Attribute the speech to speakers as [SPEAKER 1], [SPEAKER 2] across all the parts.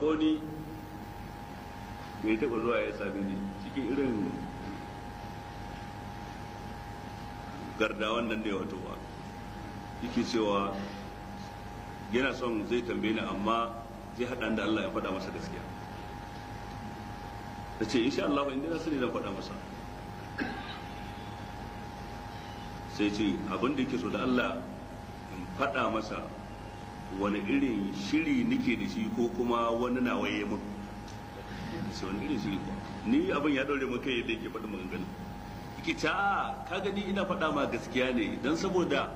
[SPEAKER 1] ko ni bai taɓa zuwa ya sami ni cikin irin gardawan nan da ya wato ba yake cewa yana son zai tambaye ni amma zai haɗa da Allah ya faɗa masa gaskiya ta ce insha Allah in dai sani zan faɗa masa sai ce abin da yake so da Allah in faɗa masa wani irin shiri nike da shi ko kuma wani na waye mun sai wani irin shiri ko ni abin ya daure maka kai yadda yake faɗa maganganu ki ta ka gani ina faɗa ma gaskiya ne dan saboda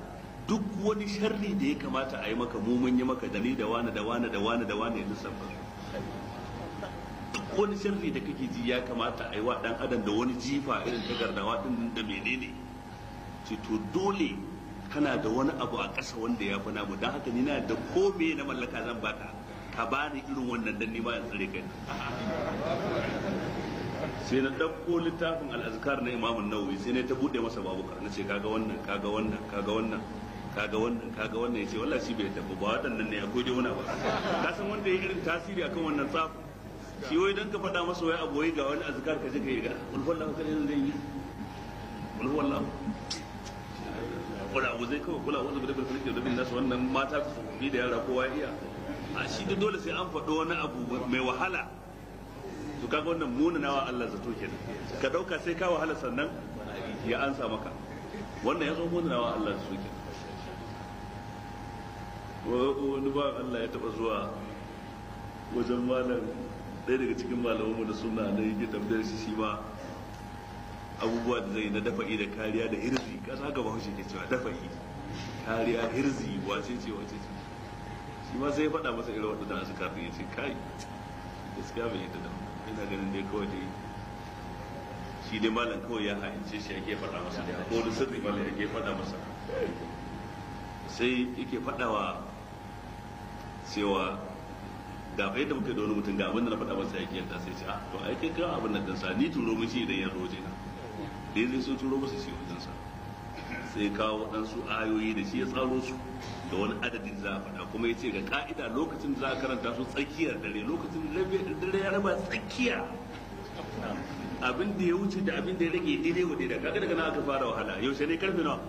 [SPEAKER 1] duk wani sharri da ya kamata a yi maka mu mun yi maka dani da wani da wani da wani da wani yanzu sabba duk wani sharri da kake ji ya kamata a yi wa dan adam da wani jifa irin ta gardawa din da menene ce to dole kana da wani abu a ƙasa wanda ya fi namu don haka ni na da kome na mallaka zan baka ka bani irin wannan dan nima in tsare kai sai na ɗauko littafin al'azkar na imamun nawawi sai na ta buɗe masa babu na ce kaga wannan kaga wannan kaga wannan kaga wannan kaga wannan ya ce wallahi shi bai tafi ba waɗannan ne akwai wani abu ka san wanda ya irin tasiri akan wannan tsafi shi wai dan ka faɗa masa wai abu wai ga wani azkar ka je ka yi ga ulfallahu kalin zan yi ulfallahu kula abu zai kawai kula wanzu bude bulbul da bin nasu wannan mata ku fahimni da yara kowa iya a shi da dole sai an faɗo wani abu mai wahala to kaga wannan munanawa Allah zato kenan ka dauka sai ka wahala sannan ya ansa maka wannan ya zo munanawa Allah zato kenan wani ba Allah ya taba zuwa wajen malam ɗaya daga cikin malamanmu da suna na yi gidan shi shi ba abubuwa da zai na dafa'i da kariya da hirzi kasa gaba hushe ke cewa dafa'i kariya hirzi wace ce wace ce shi ma sai faɗa masa irin wadda da su kafin ya ce kai gaskiya bai yadda da ina ganin dai kawai dai shi dai malam kawai ya ha'ince shi ake faɗa masa da ko wani sirri malam ake faɗa masa sai yake faɗawa cewa da fa yadda muka da wani mutum ga abin da na faɗa masa yake yadda sai ce a, ah, to ai kai abin nan din sa ni turo mun shi idan ya zo na. da ya zai so turo masa shi wajensa sai kawo waɗansu ayoyi da shi ya tsaro su da wani adadin za a faɗa kuma ya ce ga ka'ida lokacin za a karanta su tsakiyar dare lokacin dare ya raba tsakiya abin da ya wuce da abin da ya rage daidai wa daidai kaga daga na aka fara wahala yaushe ne karfe nawa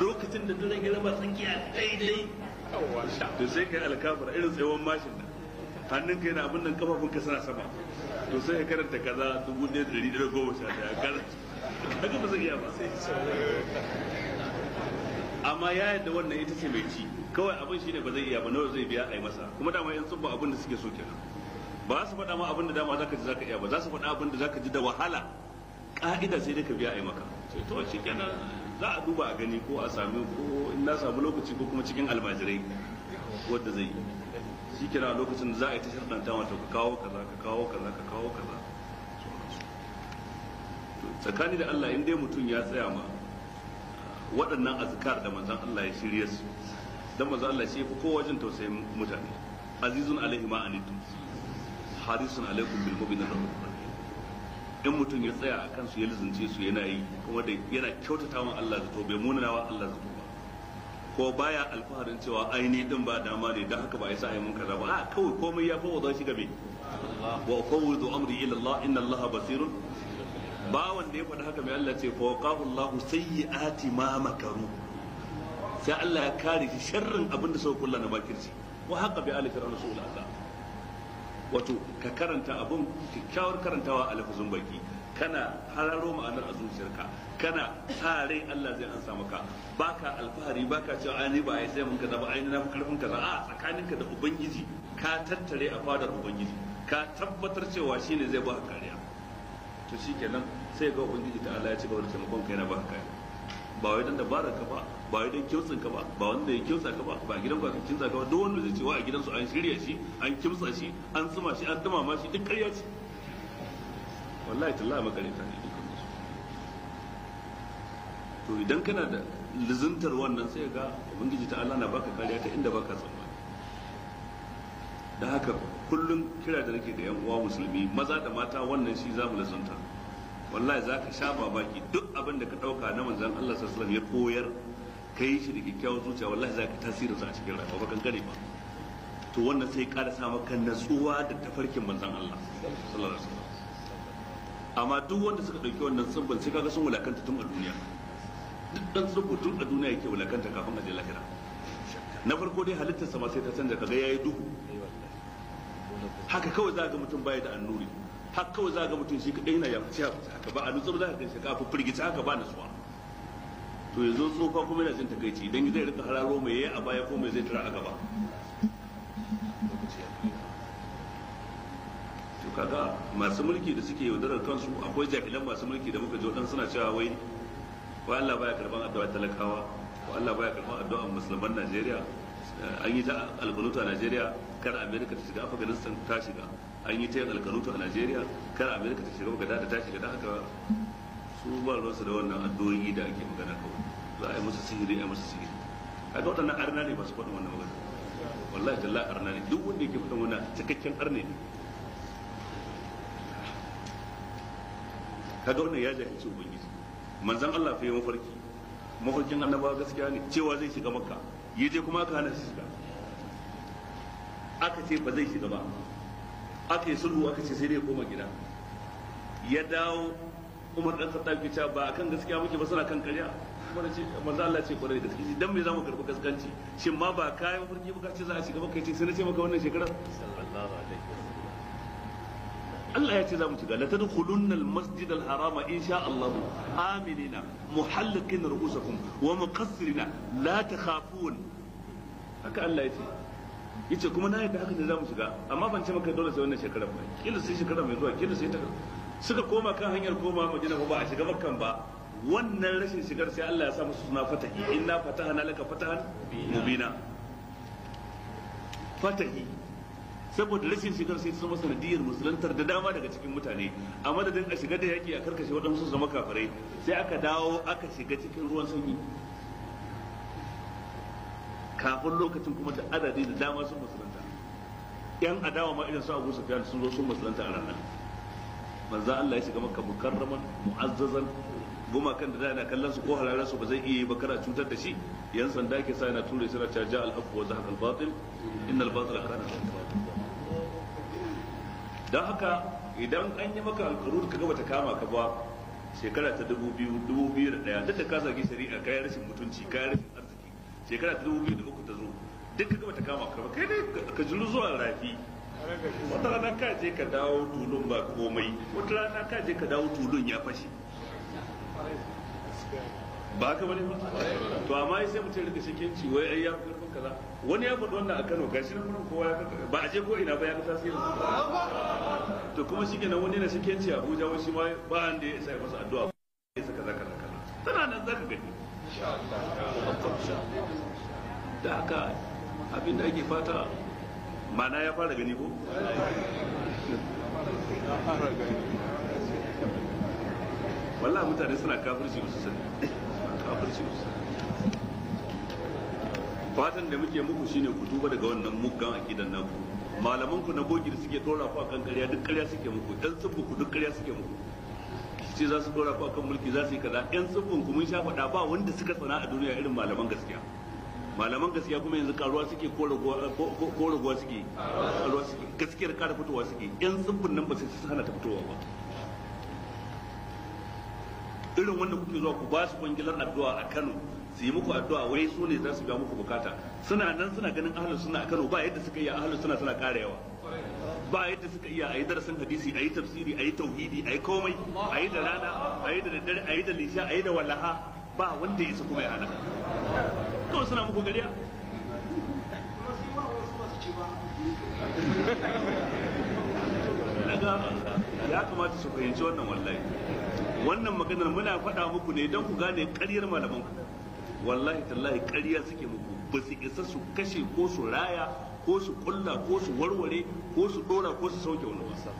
[SPEAKER 1] lokacin da dare ya raba tsakiya daidai to sai kai alkafar irin tsayuwar mashin nan hannun ka yana abin nan kafafun ka suna sama to sai ya karanta kaza dubu ɗaya da ɗari ɗaya goma sha ɗaya kaza haka ba zai iya ba amma ya yadda wannan ita ce mai ci kawai abin shine ba zai iya ba nawa zai biya a yi masa kuma dama yan tsubba abin da suke so kenan ba su faɗa ma abin da dama zaka ji zaka iya ba za su faɗa abin da zaka ji da wahala ka'ida sai dai ka biya a yi maka to shi kenan za a duba a gani ko a sami ko in na samu lokaci ko kuma cikin almajirai wadda zai yi shi kira lokacin da za a yi ta shirɗanta wata ka kawo kaza ka kawo kaza ka kawo kaza tsakani da Allah in dai mutum ya tsaya ma ah, waɗannan azkar da manzon Allah ya shirye su dan manzon Allah shi fi kowa tausayin mutane azizun alaihi ma anitum harisun alaikum bil mu'minin in mutum ya tsaya a su ya lizince su yana yi kuma da yana kyautata wa Allah zato bai munana wa Allah zato ba ko baya alfaharin cewa aini din ba dama ne don haka ba ya sa mun kaza ba a kawai komai ya fawo shi gabe wa fawwidu amri ila Allah inna Allah basirun ba wanda ya faɗa haka mai Allah ce fawqahu Allah ati ma makaru sai Allah ya kare shi sharrin abin da suka kulla na shi, wa haka bi alif rasul wato ka karanta abun kyakkyawar karantawa a lafazin baki kana hararo ma'anar a zuciyarka kana sa rai Allah zai ansa maka baka alfahari baka cewa ai ni ba ai sai mun kaza ba ai na fi karfin kaza a tsakaninka da ubangiji ka tattare a fadar ubangiji ka tabbatar cewa shine zai baka kariya to shikenan sai ga ubangiji ta Allah ya ci gaba da taimakon kai na baka kariya ba wai dan dabarar ka ba ba wai dan kyautsin ka ba ba wanda ya kyautsa ka ba ba gidan ka kinsa ka ba duk wanda zai ce wa a gidansu an shirya shi an kimtsa shi an tsuma shi an ma shi duk ƙarya ce wallahi ta makareta ne dukkan su to idan kana da lizintar wannan sai ga ubangiji ta Allah na baka kariya ta inda baka tsammani da haka kullum kira da nake da yan uwa musulmi maza da mata wannan shi zamu lizinta wallahi zaka sha baki duk abin da ka dauka na manzon Allah sallallahu alaihi wasallam ya koyar ka yi shi da kyakkyawar zuciya wallahi zaka tasirinsa a cikin rayuwa ba gane ba to wannan sai kada sa maka natsuwa da tafarkin manzon Allah sallallahu alaihi wasallam amma duk wanda suka ɗauki wannan tsibbin sai kaga sun wulakanta tun a duniya duk dan tsibbo tun a duniya yake wulakanta kafin a je lahira na farko dai halittar sama sai ta canza kaga yayi duhu haka kawai za ga mutum baya da annuri haka kawai za ga mutum shi kadai yana ya fice haka ba a nutsu za ka kai shi ka firgice haka ba nutsuwa to yanzu tsofa kuma yana jin takaici idan zai rika hararo mai yayi a baya ko mai zai tura a gaba kaga masu mulki da suke yaudarar kansu akwai jahilan masu mulki da muka ji wadan suna cewa wai ko Allah baya karban addu'a talakawa ko Allah baya karban addu'a musulman Najeriya eh, an yi ta alkanuta a Najeriya kar Amerika ta shiga Afghanistan ta shiga an yi ta yin alkanuta a Najeriya kar Amerika ta shiga Baghdad ta shiga da haka su ba su da wannan addu'o'i da ake magana kawai za a yi musu sihiri a yi musu sihiri a ga waɗannan arna ne su faɗin wannan magana wallahi talla arna ne duk wanda yake faɗin wannan cikakken arne ne kaga wannan ya jahilci ubangiji manzon Allah fa yi mafarki mafarkin annabawa gaskiya ne cewa zai shiga makka je kuma aka hana shi shiga aka ce ba zai shiga ba aka yi sulhu aka ce sai dai koma gida ya dawo umar dan khattab ya ce ba akan gaskiya muke ba suna kan karya wanda ce manzo Allah ce kwarai gaskiya dan me zamu karbi gaskanci shin ma ba kayan mafarki ba ce za a shiga makka kai ce sai na ce maka wannan shekarar sallallahu alaihi wasallam Allah ya ce za mu shiga la tadkhulunna al-masjid al-haram insha Allah aminina muhallikin ru'usakum wa muqassirina la takhafun haka Allah ya ce yace kuma na yadda haka ne za mu shiga amma ban ce maka dole sai wannan shekarar ba kila sai shekara mai zuwa kila sai ta suka koma kan hanyar koma Madina ba a shiga makkan ba wannan rashin shigar sai Allah ya sa musu suna fatahi inna fatahana laka fatahan mubina fatahi saboda rashin shigar sai zama sanadiyar musulantar da dama daga cikin mutane a madadin a shiga da yaki a karkashe waɗansu su zama kafirai sai aka dawo aka shiga cikin ruwan sanyi kafin lokacin kuma da adadi da dama sun musulunta yan adawa ma irin su Abu Sufyan sun zo sun musulunta a ranar manza Allah ya shiga maka mukarraman mu'azzazan gumakan da da yana kallon su ko halalar su ba zai iya yi ba kara cutar da shi yan sanda ke sa yana ture suna caja al-haqq wa zahaq al-batil innal batila kana don haka idan an yi maka alkarur ka gaba ta kama ka ba shekara ta dubu biyu dubu biyu da ɗaya duk da ka zagi shari'a yi rashin mutunci yi rashin arziki shekara ta dubu biyu da uku ta zo duk ka gaba ta kama ka ba kai ne ka jiru zuwa rafi wata rana ka je ka dawo tulun ba komai wata rana ka je ka dawo tulun ya fashe ba ka bane ba to amma sai mutum rika shakenci wai ai ya karfin kaza wani ya faɗi wannan a Kano gashi nan gurin kowa ya ba a je ko ina ba ya ga tasirin to kuma shi kenan wani na shakenci a Abuja wai shi ma ba an da ya isa masa addu'a ya saka zaka zaka tana nan za ka gani da haka abin da ake fata mana ya fara gani ko wallah mutane suna kafirci su sani kafircinsu fatan da muke muku shine ku tuba daga wannan muggan akidan naku malaman ku na bogi da suke dora ku akan ƙarya duk ƙarya suke muku dan tsubbu ku duk ƙarya suke muku ce za su dora ku akan mulki za su yi kaza yan tsubbun ku mun sha faɗa ba wanda suka tsana a duniya irin malaman gaskiya malaman gaskiya kuma yanzu karuwa suke ko raguwa suke karuwa suke gaskiyar kara fitowa suke yan tsubbun nan ba su hana ta fitowa ba irin wanda kuke zuwa ku ba su kwangilar addu'a a Kano su yi muku addu'a wai su ne za su biya muku bukata suna nan suna ganin ahlus suna a Kano ba yadda suka yi ahlus suna suna karewa. ba yadda suka iya ayi darasin hadisi ayi tafsiri ayi tauhidi ayi komai ayi da rana ayi da daddare ayi da lisha ayi da walaha ba wanda ya isa kuma ya hana to suna muku gariya ta ya kamata su fahimci wannan wallahi wannan maganar muna faɗa muku ne don ku gane ƙaryar malaman ku wallahi tallahi ƙarya suke muku ba su isa su kashe ko su raya ko su kulla ko su warware ko su ɗora ko su sauke wani wasa